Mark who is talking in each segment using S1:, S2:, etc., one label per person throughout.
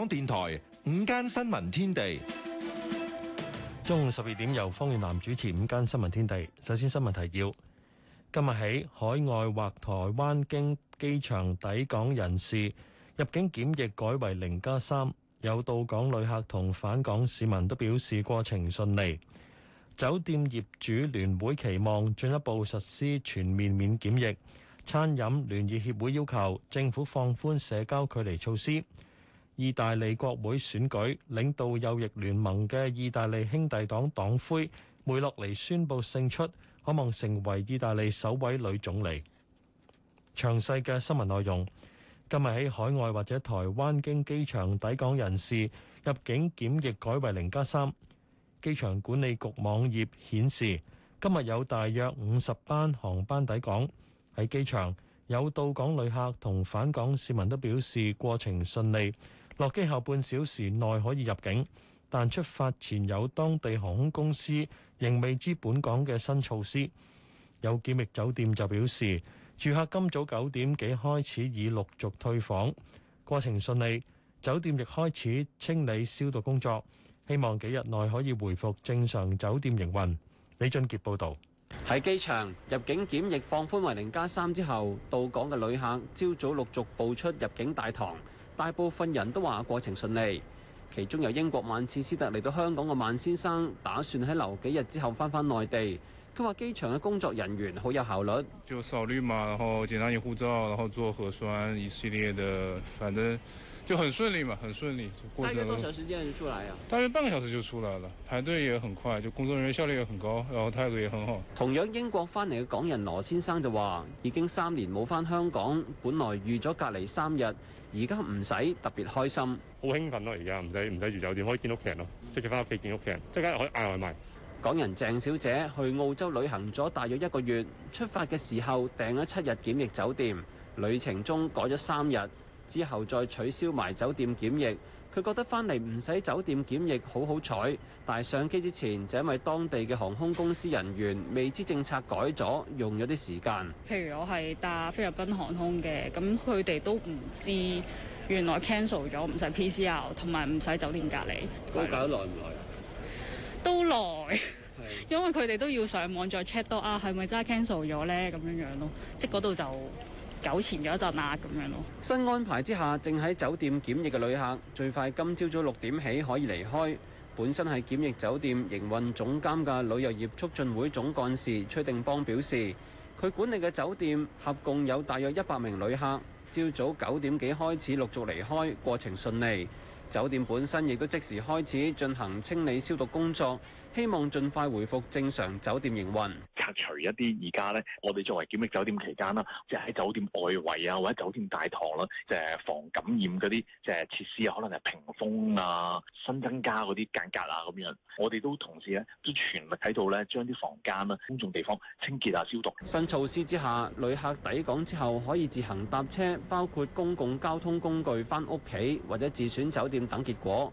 S1: 香港電台五間新聞天地，中午十二點由方遠南主持《五間新聞天地》。首先新聞提要：今日起，海外或台灣經機場抵港人士入境檢疫改為零加三。有到港旅客同返港市民都表示過程順利。酒店業主聯會期望進一步實施全面免檢疫。餐飲聯誼協會要求政府放寬社交距離措施。意大利國會選舉，領導右翼聯盟嘅意大利兄弟黨黨魁梅洛尼宣布勝出，可望成為意大利首位女總理。詳細嘅新聞內容，今日喺海外或者台灣經機場抵港人士入境檢疫改為零加三。機場管理局網頁顯示，今日有大約五十班航班抵港。喺機場有到港旅客同返港市民都表示過程順利。落機後半小時內可以入境，但出發前有當地航空公司仍未知本港嘅新措施。有檢疫酒店就表示，住客今早九點幾開始已陸續退房，過程順利，酒店亦開始清理消毒工作，希望幾日內可以回復正常酒店營運。李俊傑報導。
S2: 喺機場入境檢疫放寬為零加三之後，到港嘅旅客朝早陸續步出入境大堂。大部分人都話過程順利，其中由英國曼徹斯特嚟到香港嘅曼先生，打算喺留幾日之後翻返回內地。佢話機場嘅工作人員好有效率，就掃綠碼，然後檢查你護照，然後做核酸，一系列的，反正就很順利嘛，很順利。大約多長時間就出來呀？大約半個小時就出來了，排隊也很快，就工作人員效率也很高，然後態度也很好。同樣英國返嚟嘅港人羅先生就話：已經三年冇翻香港，本來預咗隔離三日，而家唔使，特別開心，好興奮咯！而家唔使唔使住酒店，可以見屋企人咯，即刻翻屋企見屋企人，即刻可以嗌外賣。港人鄭小姐去澳洲旅行咗大約一個月，出發嘅時候訂咗七日檢疫酒店，旅程中改咗三日，之後再取消埋酒店檢疫。佢覺得翻嚟唔使酒店檢疫好好彩。但係上機之前，就因為當地嘅航空公司人員未知政策改咗，用咗啲時間。
S3: 譬如我係搭菲律賓航空嘅，咁佢哋都唔知原來 cancel 咗，唔使都耐，因為佢哋都要上網再 check 多啊，係咪真係 cancel 咗呢？咁樣樣咯，即係嗰度就糾纏咗陣喇，咁
S2: 樣咯。新安排之下，正喺酒店檢疫嘅旅客，最快今朝早六點起可以離開。本身係檢疫酒店營運總監嘅旅遊業促進會總幹事崔定邦表示，佢管理嘅酒店合共有大約一百名旅客，朝早九點幾開始陸續離開，過程順利。酒店本身亦都即時開始進行清理消毒工作。希望盡快回復正常酒店營運。拆除一啲而家咧，我哋作為檢疫酒店期間啦，即係喺酒店外圍啊，或者
S4: 酒店大堂啦，即係防感染嗰啲，即係設施啊，可能係屏風啊，新增加嗰啲間隔啊咁樣，我哋都同時咧，都全力喺度咧，將啲房間啊公眾地方清潔啊、消毒。
S2: 新措施之下，旅客抵港之後可以自行搭車，包括公共交通工具翻屋企或者自選酒店等，結果。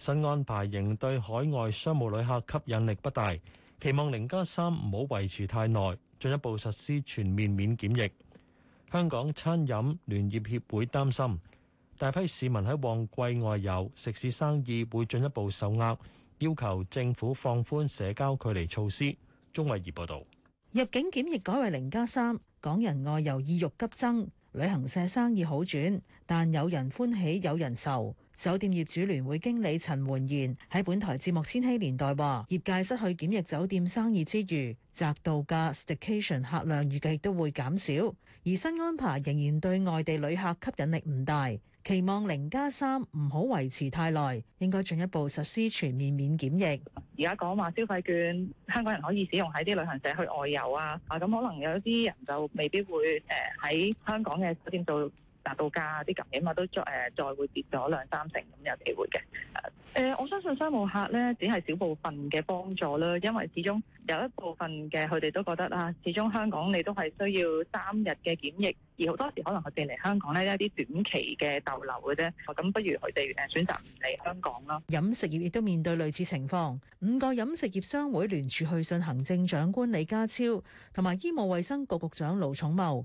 S1: 新安排仍對海外商務旅客吸引力不大，期望零加三唔好維持太耐，進一步實施全面免檢疫。香港餐飲聯業協會擔心大批市民喺旺季外遊，食肆生意會進一步受壓，要求政府放寬社交距離措施。鐘惠儀報導。
S5: 入境檢疫改為零加三，港人外遊意欲急增，旅行社生意好轉，但有人歡喜有人愁。酒店業主聯會經理陳煥賢喺本台節目《千禧年代》話：業界失去檢疫酒店生意之餘，宅度假 （Staycation） 客量預計都會減少，而新安排仍然對外地旅客吸引力唔大。期望零加三唔好維持太耐，應該進一步實施全面免檢疫。而家講話消費券，香港人可以使用喺啲旅行社去外遊啊，咁可能有啲人就未必會誒喺香港嘅酒店度。達到價啲咁嘅嘛，都再誒再會跌咗兩三
S6: 成咁有機會
S5: 嘅。誒，我相信商務客咧只係少部分嘅幫助啦，因為始終有一部分嘅佢哋都覺得啊，始終香港你都係需要三日嘅檢疫，而好多時可能佢哋嚟香港咧一啲短期嘅逗留嘅啫，咁不如佢哋誒選擇唔嚟香港囉。飲食業亦都面對類似情況，五個飲食業商會聯署去信行政長官李家超同埋醫務衛生局局長盧寵茂。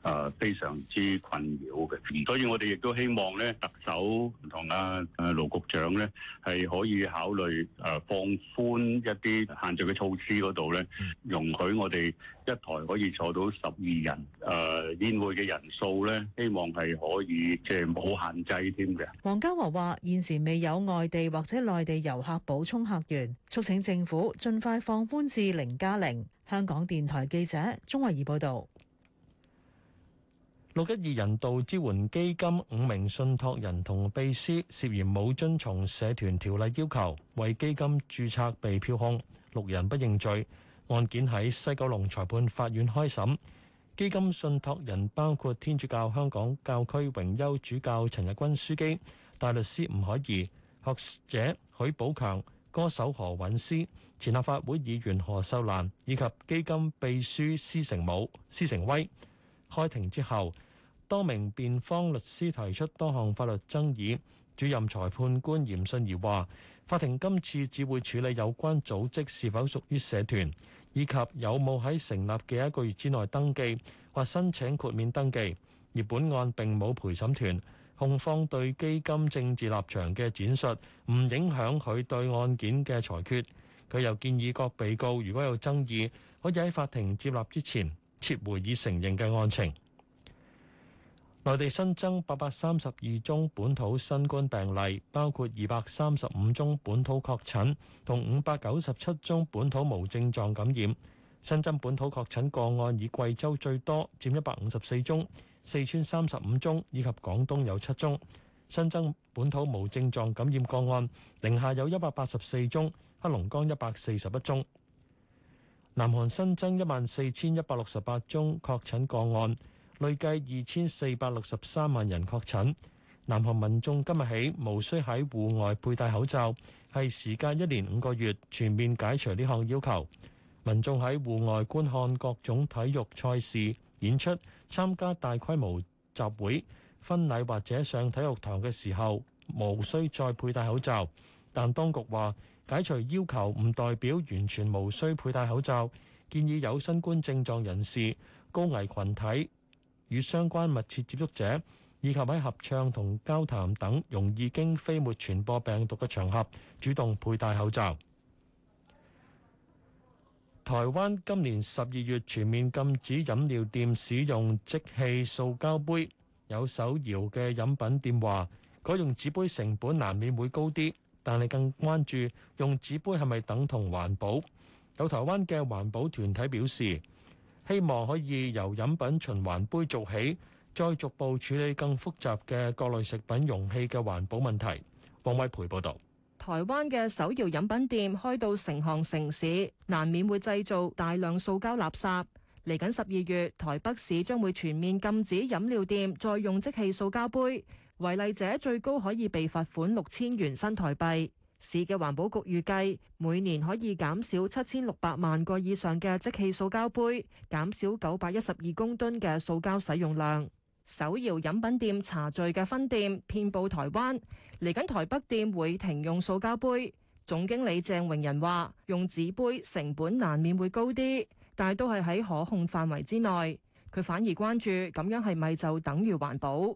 S1: 非常之困擾嘅，所以我哋亦都希望咧，
S7: 特首同阿盧局長咧，係可以考慮放
S1: 寬一啲限聚嘅措施嗰度咧，容許我哋一台可以坐到十二人誒宴、呃、會嘅人數咧，希望係可以即係冇限制添嘅。
S5: 黃家和話：現時未有外地或者內地遊客補充客源，促請政府盡快放寬至零加零。香港電台記者鍾慧儀報道。
S1: 六一二人道支援基金五名信託人同秘書涉嫌冇遵從社團條例要求，為基金註冊被票控，六人不認罪。案件喺西九龍裁判法院開審。基金信託人包括天主教香港教區榮休主教陳日君樞機、大律師吳靄儀、學者許寶強、歌手何韻詩、前立法會議員何秀蘭以及基金秘書施成武、施成威。開庭之後，多名辯方律師提出多項法律爭議。主任裁判官嚴信儀話：法庭今次只會處理有關組織是否屬於社團，以及有冇喺成立嘅一個月之內登記或申請豁免登記。而本案並冇陪審團，控方對基金政治立場嘅展述唔影響佢對案件嘅裁決。佢又建議各被告如果有爭議，可以喺法庭接納之前。撤回已承認嘅案情。內地新增八百三十二宗本土新冠病例，包括二百三十五宗本土確診同五百九十七宗本土無症狀感染。新增本土確診個案以貴州最多，佔一百五十四宗；四川三十五宗，以及廣東有七宗。新增本土無症狀感染個案，寧夏有一百八十四宗，黑龍江一百四十一宗。南韓新增一萬四千一百六十八宗確診個案，累計二千四百六十三萬人確診。南韓民眾今日起無需喺戶外佩戴口罩，係時間一年五個月全面解除呢項要求。民眾喺戶外觀看各種體育賽事、演出、參加大規模集會、婚禮或者上體育堂嘅時候，無需再佩戴口罩。但當局話：解除要求唔代表完全無需佩戴口罩，建議有新冠症狀人士、高危群體與相關密切接觸者，以及喺合唱同交談等容易經飛沫傳播病毒嘅場合，主動佩戴口罩。台灣今年十二月全面禁止飲料店使用即棄塑膠杯，有手搖嘅飲品店話改用紙杯成本難免會高啲。但你更關注用紙杯係咪等同環保？有台灣嘅環保團體表示，希望可以由飲品循環杯做起，再逐步處理更複雜嘅各類食品容器嘅環保問題。王偉培報導。
S8: 台灣嘅手搖飲品店開到成行成市，難免會製造大量塑膠垃圾。嚟緊十二月，台北市將會全面禁止飲料店再用即棄塑膠杯。違例者最高可以被罰款六千元新台幣。市嘅環保局預計每年可以減少七千六百萬個以上嘅即棄塑膠杯，減少九百一十二公噸嘅塑膠使用量。手搖飲品店茶聚嘅分店遍佈台灣，嚟緊台北店會停用塑膠杯。總經理鄭榮仁話：用紙杯成本難免會高啲，但係都係喺可控範圍之內。佢反而關注咁樣係咪就等於環保？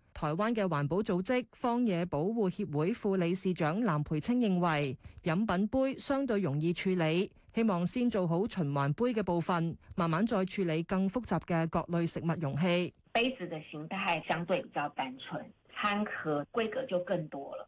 S8: 台灣嘅環保組織荒野保護協會副理事長藍培青認為，飲品杯相對容易處理，希望先做好循環杯嘅部分，慢慢再處理更複雜嘅各類食物容器。杯子嘅
S9: 形態相對比較單純，餐盒規格就更多了。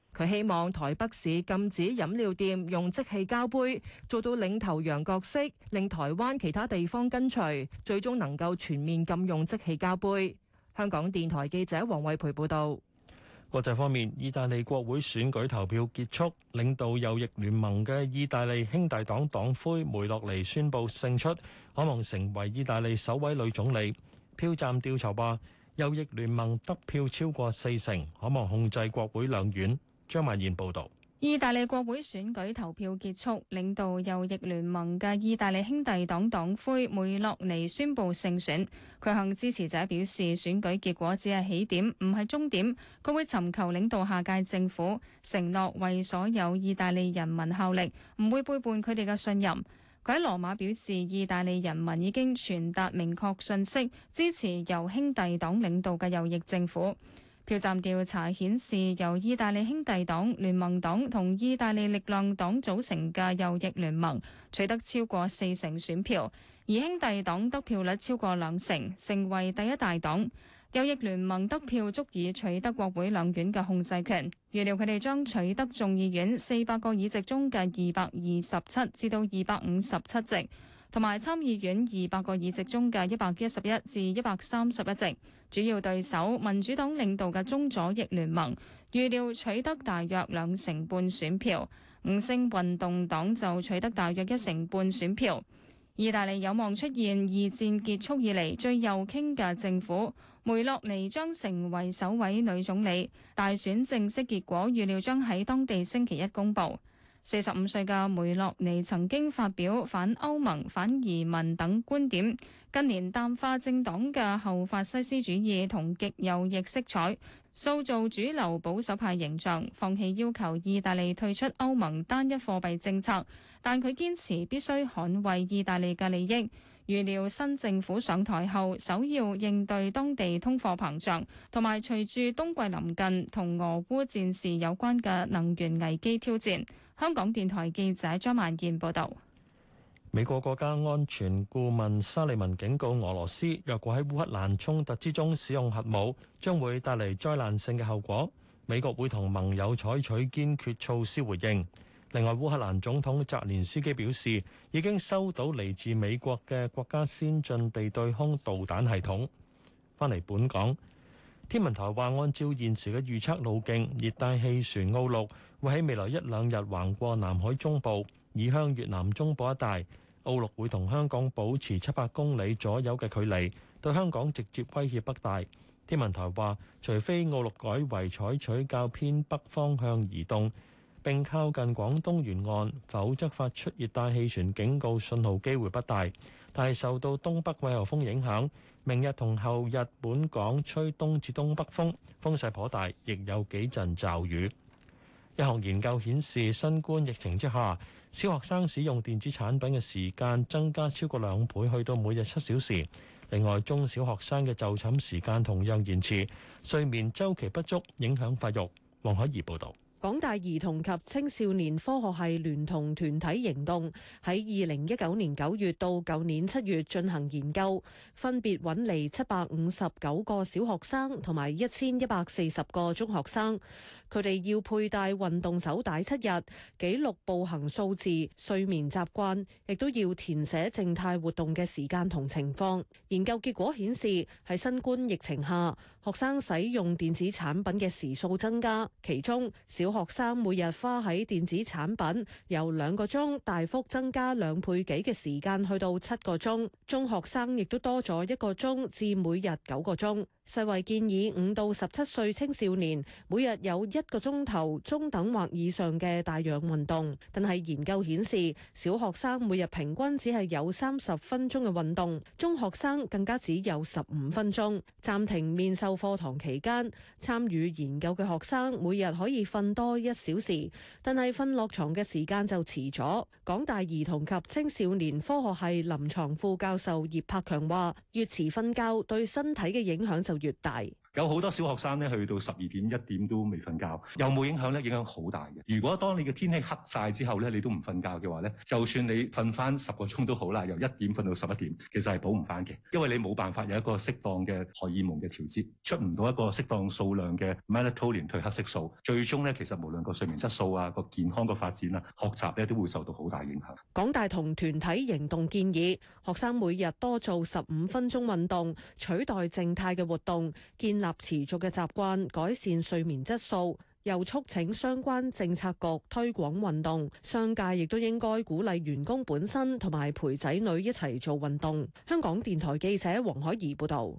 S8: 佢希望台北市禁止飲料店用即棄膠杯，做到領頭羊角色，令台灣其他地方跟隨，最終能夠全面禁用即棄膠杯。香港電台記者黃偉培報導。
S1: 國際方面，意大利國會選舉投票結束，領導右翼聯盟嘅意大利兄弟黨黨魁梅洛尼宣布勝出，可望成為意大利首位女總理。票站調查話，右翼聯盟得票超過四成，可望控制國會兩院。張曼燕報導，
S3: 意大利國會選舉投票結束，領導右翼聯盟嘅意大利兄弟黨黨魁梅洛尼宣布勝選。佢向支持者表示，選舉結果只係起點，唔係終點。佢會尋求領導下屆政府，承諾為所有意大利人民效力，唔會背叛佢哋嘅信任。佢喺羅馬表示，意大利人民已經傳達明確訊息，支持由兄弟黨領導嘅右翼政府。票站調查顯示，由意大利兄弟黨、聯盟黨同意大利力量黨組成嘅右翼聯盟取得超過四成選票，而兄弟黨得票率超過兩成，成為第一大黨。右翼聯盟得票足以取得國會兩院嘅控制權，預料佢哋將取得眾議院四百個議席中嘅二百二十七至到二百五十七席，同埋參議院二百個議席中嘅一百一十一至一百三十一席。主要對手民主黨領導嘅中左翼聯盟預料取得大約兩成半選票，五星運動黨就取得大約一成半選票。意大利有望出現二戰結束以嚟最右傾嘅政府，梅洛尼將成為首位女總理。大選正式結果預料將喺當地星期一公佈。四十五歲嘅梅洛尼曾經發表反歐盟、反移民等觀點，近年淡化政黨嘅後法西斯主義同極右翼色彩，塑造主流保守派形象，放棄要求意大利退出歐盟單一貨幣政策，但佢堅持必須捍衛意大利嘅利益。預料新政府上台後，首要應對當地通貨膨脹，同埋隨住冬季臨近同俄烏戰事有關嘅能源危機挑戰。香港電台記者張萬健報導。
S1: 美國國家安全顧問沙利文警告俄羅斯，若果喺烏克蘭衝突之中使用核武，將會帶嚟災難性嘅後果。美國會同盟友採取堅決措施回應。另外，烏克蘭總統澤連斯基表示，已經收到嚟自美國嘅國家先進地對空導彈系統，返嚟本港。天文台話，按照現時嘅預測路徑，熱帶氣旋奧鹿會喺未來一兩日橫過南海中部，移向越南中部一帶。奧鹿會同香港保持七百公里左右嘅距離，對香港直接威脅不大。天文台話，除非奧鹿改為採取較偏北方向移動。並靠近廣東沿岸，否則發出熱帶氣旋警告信號機會不大。但係受到東北季候風影響，明日同後日本港吹東至東北風，風勢頗大，亦有幾陣驟雨。一項研究顯示，新冠疫情之下，小學生使用電子產品嘅時間增加超過兩倍，去到每日七小時。另外，中小學生嘅就寢時間同樣延遲，睡眠週期不足，影響發育。黃海怡報導。
S9: 港大兒童及青少年科學系聯同團體行動，喺二零一九年九月到舊年七月進行研究，分別揾嚟七百五十九個小學生同埋一千一百四十個中學生。佢哋要佩戴運動手帶七日，記錄步行數字、睡眠習慣，亦都要填寫靜態活動嘅時間同情況。研究結果顯示，喺新冠疫情下，學生使用電子產品嘅時數增加，其中小學生每日花喺電子產品由兩個鐘大幅增加兩倍幾嘅時間，去到七個鐘；中學生亦都多咗一個鐘，至每日九個鐘。世衛建議五到十七歲青少年每日有一個鐘頭中等或以上嘅帶氧運動，但係研究顯示小學生每日平均只係有三十分鐘嘅運動，中學生更加只有十五分鐘。暫停面授課堂期間，參與研究嘅學生每日可以瞓多一小時，但係瞓落床嘅時間就遲咗。港大兒童及青少年科學系臨床副教授葉柏強話：越遲瞓覺對身體嘅影響。就越大。
S1: 有好多小學生呢去到十二點一點都未瞓覺，有冇影響呢？影響好大嘅。如果當你嘅天氣黑晒之後咧，你都唔瞓覺嘅話咧，就算你瞓翻十個鐘都好啦，由一點瞓到十一點，其實係補唔翻嘅，因為你冇辦法有一個適當嘅荷爾蒙嘅調節，出唔到一個適當數量嘅 melatonin 褪黑色素，最終咧其實無論個睡眠質素啊、個健康嘅發展啊、學習咧都會受到好大影響。
S9: 港大同團體行動建議學生每日多做十五分鐘運動，取代靜態嘅活動，立持續嘅習慣，改善睡眠質素，又促請相關政策局推廣運動，商界亦都應該鼓勵員工本身同埋陪仔女一齊做運動。香港電台記者黃海怡
S1: 報道。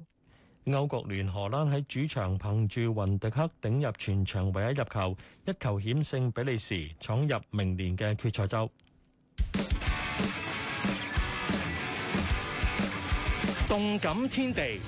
S1: 歐國聯荷蘭喺主場憑住雲迪克頂入全場唯一入球，一球險勝比利時，闖入明年嘅決賽週。動感天地。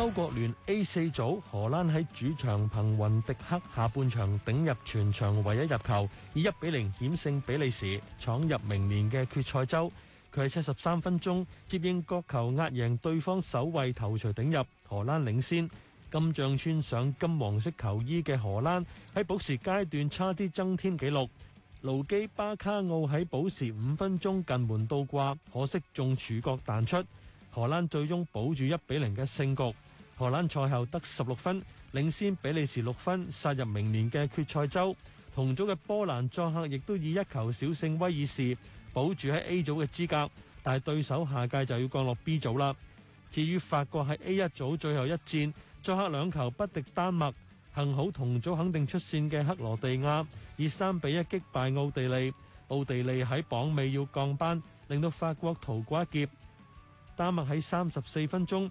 S1: 歐國聯 A 四組，荷蘭喺主場憑雲迪克下半場頂入全場唯一入球，以一比零險勝比利時，闖入明年嘅決賽周。佢喺七十三分鐘接應角球壓贏對方守衛頭槌頂入，荷蘭領先。今仗穿上金黃色球衣嘅荷蘭喺補時階段差啲增添紀錄。盧基巴卡奧喺補時五分鐘近門倒掛，可惜中柱角彈出。荷蘭最終保住一比零嘅勝局。荷蘭賽後得十六分，領先比利時六分，殺入明年嘅決賽周。同組嘅波蘭作客亦都以一球小勝威爾士，保住喺 A 組嘅資格，但係對手下屆就要降落 B 組啦。至於法國喺 A 一組最後一戰，作客兩球不敵丹麥，幸好同組肯定出線嘅克羅地亞以三比一擊敗奧地利，奧地利喺榜尾要降班，令到法國逃過一劫。丹麥喺三十四分鐘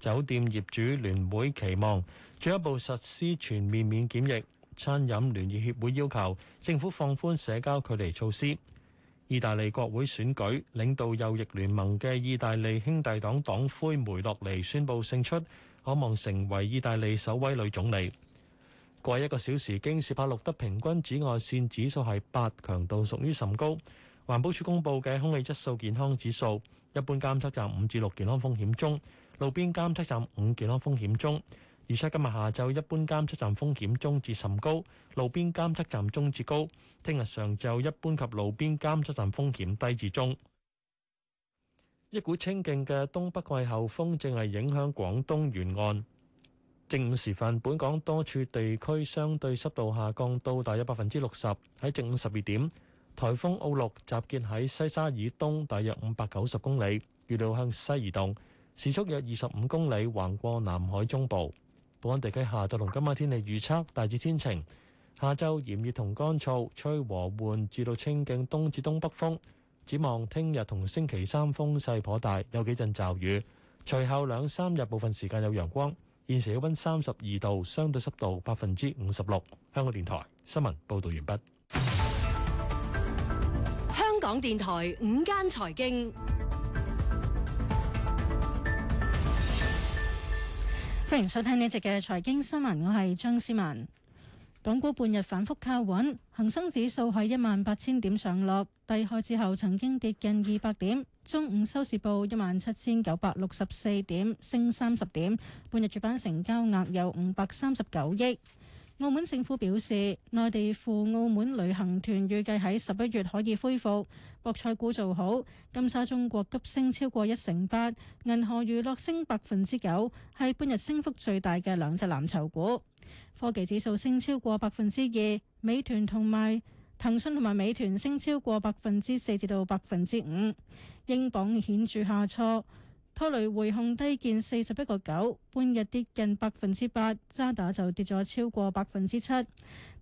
S1: 酒店業主聯會期望進一步實施全面免檢疫；餐飲聯議協會要求政府放寬社交距離措施。意大利國會選舉，領導右翼聯盟嘅意大利兄弟黨黨魁梅洛尼宣布勝出，可望成為意大利首位女總理。過一個小時，京士柏錄得平均紫外線指數係八，強度屬於甚高。環保署公布嘅空氣質素健康指數，一般監測站五至六，健康風險中。路邊監測站五健康風險中，預測今日下晝一般監測站風險中至甚高，路邊監測站中至高。聽日上晝一般及路邊監測站風險低至中。一股清勁嘅東北季候風正係影響廣東沿岸。正午時分，本港多處地區相對濕度下降到大約百分之六十。喺正午十二點，颱風奧鹿集結喺西沙以東大約五百九十公里，預料向西移動。時速約二十五公里，橫過南海中部。本港地區下晝同今晚天氣預測，大致天晴，下晝炎熱同乾燥，吹和緩至到清勁東至東北風。展望聽日同星期三風勢頗大，有幾陣驟雨。隨後兩三日部分時間有陽光。現時氣溫三十二度，相對濕度百分之五十六。香港電台新聞報道完畢。
S8: 香港電台五間財經。
S6: 歡迎收聽呢集嘅財經新聞，我係張思文。港股半日反覆靠穩，恒生指數喺一萬八千點上落，低開之後曾經跌近二百點，中午收市報一萬七千九百六十四點，升三十點。半日主板成交額有五百三十九億。澳門政府表示，內地赴澳門旅行團預計喺十一月可以恢復。博彩股做好，金沙中國急升超過一成八，銀河娛樂升百分之九，係半日升幅最大嘅兩隻藍籌股。科技指數升超過百分之二，美團同埋騰訊同埋美團升超過百分之四至到百分之五。英鎊顯著下挫。拖累匯控低見四十一個九，半日跌近百分之八，渣打就跌咗超過百分之七。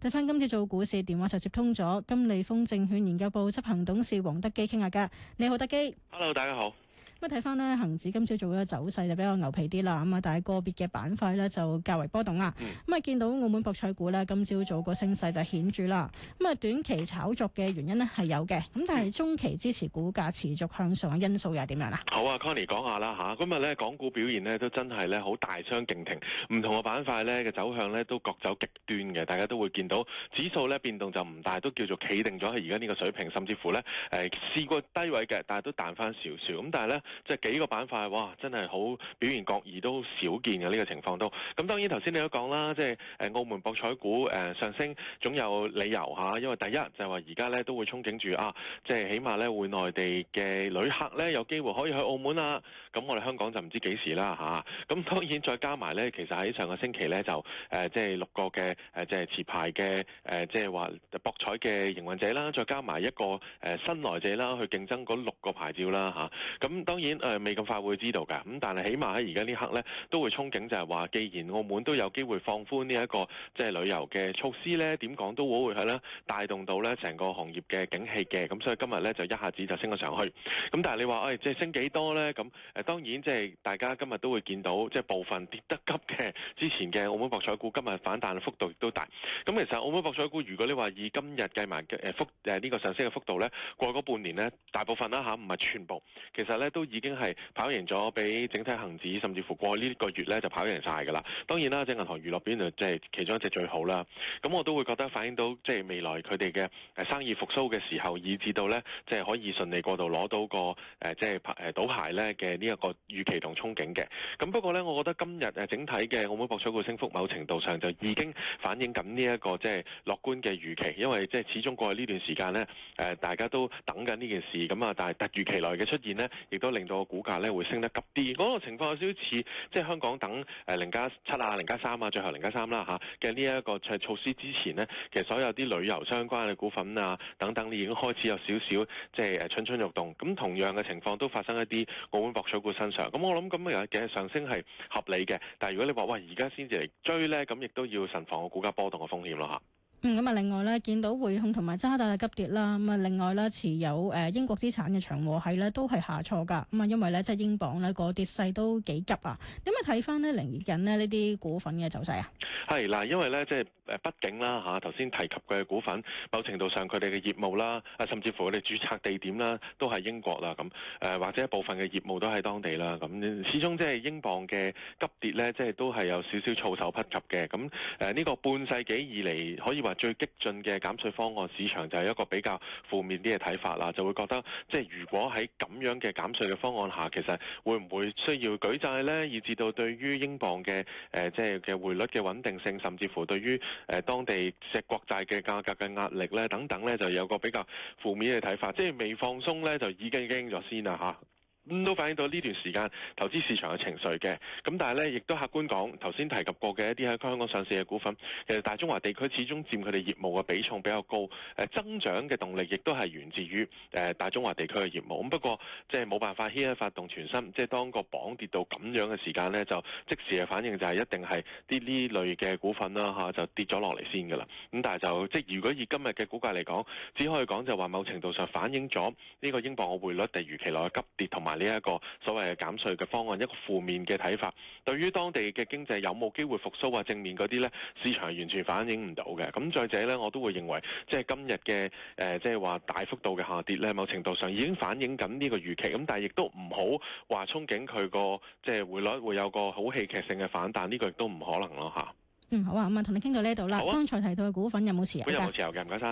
S6: 睇返今次做股市，電話就接通咗金利豐證券研究部執行董事黃德基傾下㗎。你好，德基。Hello，大家好。咁睇翻呢恒指今朝早嘅走勢就比較牛皮啲啦，咁啊，但係個別嘅板塊呢就較為波動啦。咁啊，嗯、見到澳門博彩股呢，今朝早個升勢就顯著啦。咁啊，短期炒作嘅原因呢係有嘅，咁但係中期支持股價持續向上嘅因素又係點樣啦？
S4: 好啊，Connie 講下啦嚇。今日呢，港股表現呢都真係咧好大相徑庭，唔同嘅板塊呢嘅走向呢都各走極端嘅，大家都會見到指數呢變動就唔大，都叫做企定咗喺而家呢個水平，甚至乎呢誒試過低位嘅，但係都彈翻少少。咁但係呢。即係幾個板塊，哇！真係好表現各異，都少見嘅呢個情況都。咁當然頭先你都講啦，即係誒澳門博彩股誒上升總有理由嚇，因為第一就係話而家咧都會憧憬住啊，即係起碼咧會內地嘅旅客咧有機會可以去澳門啊。咁我哋香港就唔知幾時啦嚇。咁當然再加埋咧，其實喺上個星期咧就誒即係六個嘅誒即係持牌嘅誒即係話博彩嘅營運者啦，再加埋一個誒新來者啦去競爭嗰六個牌照啦嚇。咁當當然誒、呃，未咁快會知道噶，咁但係起碼喺而家呢刻呢都會憧憬就係話，既然澳門都有機會放寬呢、這、一個即係旅遊嘅措施呢，點講都會係咧帶動到呢成個行業嘅景氣嘅，咁所以今日呢就一下子就升咗上去。咁但係你話誒，即、哎、係升幾多呢？咁誒，當然即係大家今日都會見到，即係部分跌得急嘅之前嘅澳門博彩股今日反彈嘅幅度亦都大。咁其實澳門博彩股，如果你話以今日計埋誒幅誒呢個上升嘅幅度呢，過嗰半年呢，大部分啦、啊、吓，唔、啊、係全部，其實咧都。已經係跑贏咗，比整體恒指甚至乎過去呢個月咧就跑贏晒㗎啦。當然啦，即係銀行娛樂邊就即係其中一隻最好啦。咁我都會覺得反映到即係未來佢哋嘅生意復甦嘅時候，以至到咧即係可以順利過度攞到個、呃、即係誒賭牌咧嘅呢一個預期同憧憬嘅。咁不過咧，我覺得今日整體嘅澳門博彩股升幅某程度上就已經反映緊呢一個即係樂觀嘅預期，因為即係始終過去呢段時間咧、呃、大家都等緊呢件事咁啊，但係突如其來嘅出現呢，亦都令到個股價咧會升得急啲，嗰個情況有少少似即係香港等誒零加七啊、零加三啊、3，最後零加三啦嚇嘅呢一個措施之前呢，其實所有啲旅遊相關嘅股份啊等等，你已經開始有少少即係蠢蠢欲動。咁同樣嘅情況都發生一啲澳門博彩股身上。咁我諗咁樣嘅上升係合理嘅，但係如果你話喂而家先至嚟追咧，咁亦都要慎防個股價波動嘅風險啦嚇。
S6: 嗯，咁啊，另外咧，見到匯控同埋渣打嘅急跌啦，咁啊，另外咧，持有誒、呃、英國資產嘅長和系咧都係下挫噶，咁啊，因為咧即係英鎊咧個跌勢都幾急啊，點樣睇翻咧嚟緊咧呢啲股份嘅走勢啊？
S4: 係嗱，因為咧即係誒畢竟啦嚇，頭、啊、先提及嘅股份某程度上佢哋嘅業務啦，啊甚至乎佢哋註冊地點啦都係英國啦，咁誒、呃、或者一部分嘅業務都喺當地啦，咁始終即係英鎊嘅急跌咧，即、就、係、是、都係有少少措手不及嘅，咁誒呢個半世紀以嚟可以。最激進嘅減稅方案，市場就係一個比較負面啲嘅睇法啦，就會覺得即係如果喺咁樣嘅減稅嘅方案下，其實會唔會需要舉債呢？以至到對於英鎊嘅誒即係嘅匯率嘅穩定性，甚至乎對於誒當地石國債嘅價格嘅壓力呢等等呢，就有一個比較負面嘅睇法，即係未放鬆呢，就已經驚咗先啦嚇。咁都反映到呢段時間投資市場嘅情緒嘅，咁但係咧，亦都客觀講頭先提及過嘅一啲喺香港上市嘅股份，其實大中華地區始終佔佢哋業務嘅比重比較高，誒增長嘅動力亦都係源自於誒大中華地區嘅業務，咁不過即係冇辦法牽一髮動全身，即係當個榜跌到咁樣嘅時間咧，就即時嘅反應就係一定係啲呢類嘅股份啦吓，就跌咗落嚟先㗎啦。咁但係就即係如果以今日嘅股價嚟講，只可以講就話某程度上反映咗呢個英鎊嘅匯率地如期內嘅急跌同埋。呢一個所謂減稅嘅方案，一個負面嘅睇法，對於當地嘅經濟有冇機會復甦或正面嗰啲呢市場係完全反映唔到嘅。咁再者呢，我都會認為，即係今日嘅誒，即係話大幅度嘅下跌呢，某程度上已經反映緊呢個預期。咁但係亦都唔好話憧憬佢個即係匯率會有個好戲劇性嘅反彈，呢個亦都唔可能咯嚇。嗯，
S6: 好啊，咁啊，同你傾到呢度啦。好啊。剛才提到嘅股份有冇持有㗎？有，有嘅，唔該晒。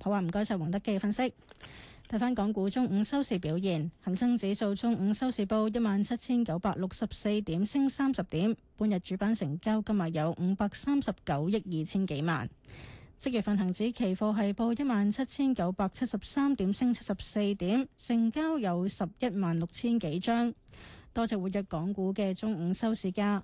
S6: 好啊，唔該晒。黃德基嘅分析。睇返港股中午收市表現，恒生指數中午收市報一萬七千九百六十四點，升三十點。半日主板成交金額有五百三十九億二千幾萬。即月份恒指期貨係報一萬七千九百七十三點，升七十四點，成交有十一萬六千幾張。多謝活躍港股嘅中午收市價。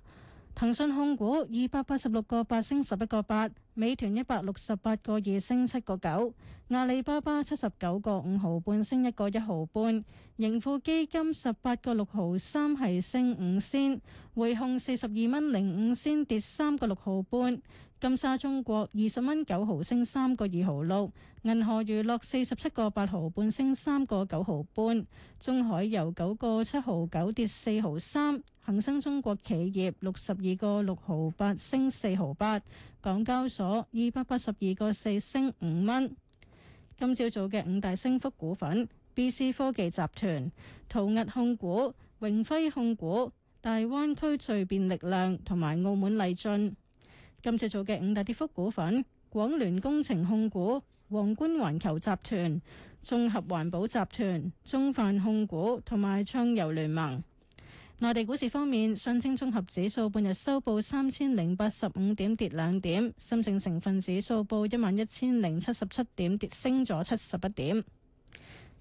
S6: 騰訊控股二百八十六個八升十一個八，美團一百六十八個二升七個九，阿里巴巴七十九個五毫半升一個一毫半，盈富基金十八個六毫三係升五仙，匯控四十二蚊零五仙跌三個六毫半。金沙中國二十蚊九毫升三個二毫六，銀河娛樂四十七個八毫半升三個九毫半，中海油九個七毫九跌四毫三，恒生中國企業六十二個六毫八升四毫八，港交所二百八十二個四升五蚊。今朝早嘅五大升幅股份：BC 科技集團、淘額控，控股、榮輝控股、大灣區聚變力量同埋澳門麗駿。今次做嘅五大跌幅股份：廣聯工程控股、皇冠環球集團、綜合環保集團、中泛控股同埋暢遊聯盟。內地股市方面，上證綜合指數半日收報三千零八十五點，跌兩點；深證成分指數報一萬一千零七十七點，跌升咗七十一點；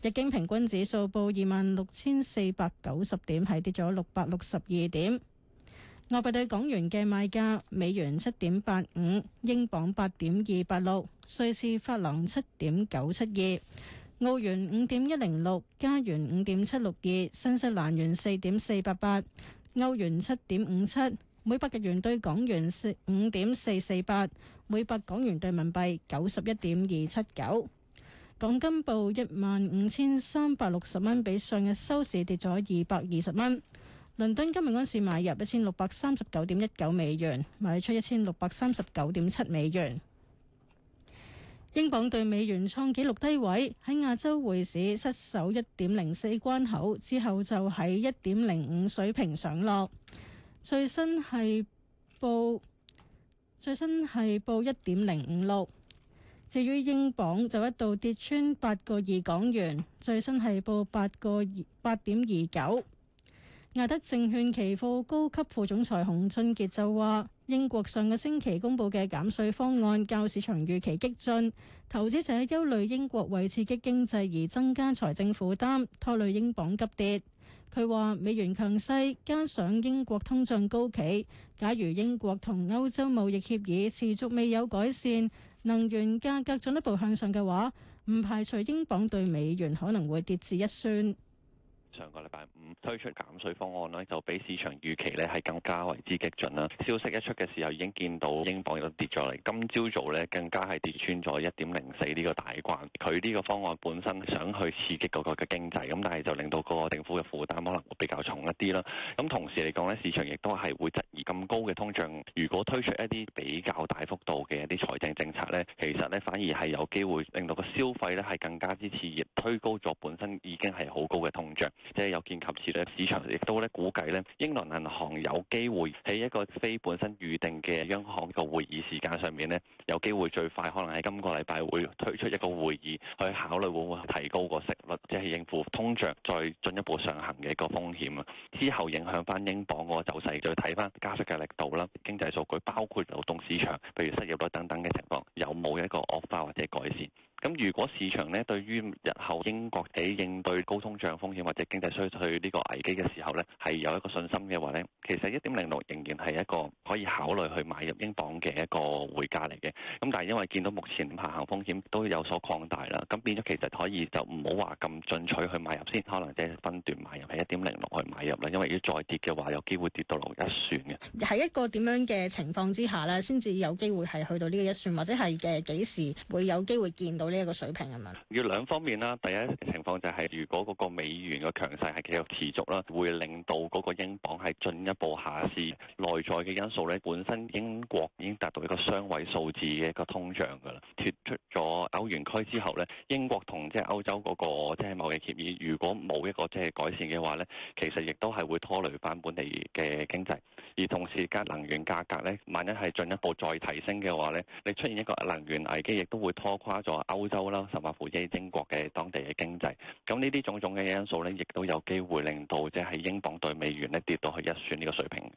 S6: 日經平均指數報二萬六千四百九十點，係跌咗六百六十二點。外幣對港元嘅賣價：美元七點八五，英鎊八點二八六，瑞士法郎七點九七二，澳元五點一零六，加元五點七六二，新西蘭元四點四八八，歐元七點五七，每百日元對港元四五點四四八，每百港元對人民幣九十一點二七九。港金報一萬五千三百六十蚊，比上日收市跌咗二百二十蚊。倫敦每盎司買入一千六百三十九點一九美元，賣出一千六百三十九點七美元。英鎊兌美元創紀錄低位，喺亞洲匯市失守一點零四關口之後，就喺一點零五水平上落。最新係報，最新係報一點零五六。至於英鎊就一度跌穿八個二港元，最新係報八個八點二九。艾德證券期貨高級副總裁洪俊傑就話：英國上個星期公佈嘅減稅方案較市場預期激進，投資者憂慮英國為刺激經濟而增加財政負擔，拖累英鎊急跌。佢話：美元強勢，加上英國通脹高企，假如英國同歐洲貿易協議持續未有改善，能源價格進一步向上嘅話，唔排除英鎊對美元可能會跌至一算。上個禮拜
S7: 五推出減稅方案呢就比市場預期呢係更加為之激進啦。消息一出嘅時候已經見到英鎊都跌咗嚟，今朝早呢，更加係跌穿咗一點零四呢個大關。佢呢個方案本身想去刺激個個嘅經濟，咁但係就令到個政府嘅負擔可能會比較重一啲啦。咁同時嚟講呢市場亦都係會質疑咁高嘅通脹，如果推出一啲比較大幅度嘅一啲財政政策呢，其實呢反而係有機會令到個消費呢係更加之熾熱，推高咗本身已經係好高嘅通脹。即係有見及此咧，市場亦都咧估計咧，英倫銀行有機會喺一個非本身預定嘅央行個會議時間上面咧，有機會最快可能喺今個禮拜會推出一個會議去考慮會唔會提高個息率，即係應付通脹再進一步上行嘅一個風險啊。之後影響翻英鎊個走勢，再睇翻加息嘅力度啦，經濟數據包括流動市場，譬如失業率等等嘅情況有冇一個惡化、er、或者改善？咁如果市場咧對於日後英國喺應對高通脹風險或者經濟衰退呢個危機嘅時候咧，係有一個信心嘅話咧，其實一點零六仍然係一個可以考慮去買入英鎊嘅一個匯價嚟嘅。咁但係因為見到目前下行風險都有所擴大啦，咁變咗其實可以就唔好話咁進取去買入先，可能即係分段買入係一點零六去買入啦。因為如果再跌嘅話，有機會跌到落一算嘅。
S6: 喺一個點樣嘅情況之下咧，先至有機會係去到呢個一算，或者係嘅幾時會有機會見到？呢水平
S7: 係係要兩方面啦。第一情況就係、係，如果嗰個美元嘅強勢係繼續持續啦，會令到嗰個英鎊係進一步下市。內在嘅因素咧，本身英國已經達到一個雙位數字嘅一個通脹㗎啦。脫出咗歐元區之後咧，英國同即係歐洲嗰個即係貿易協議，如果冇一個即係改善嘅話咧，其實亦都係會拖累翻本地嘅經濟。而同時間能源價格咧，萬一係進一步再提升嘅話咧，你出現一個能源危機，亦都會拖垮咗歐洲啦，甚至乎即係英國嘅當地嘅經濟，咁呢啲種種嘅因素咧，亦都有機會令到即係英鎊對美元咧跌到去一算呢個水平。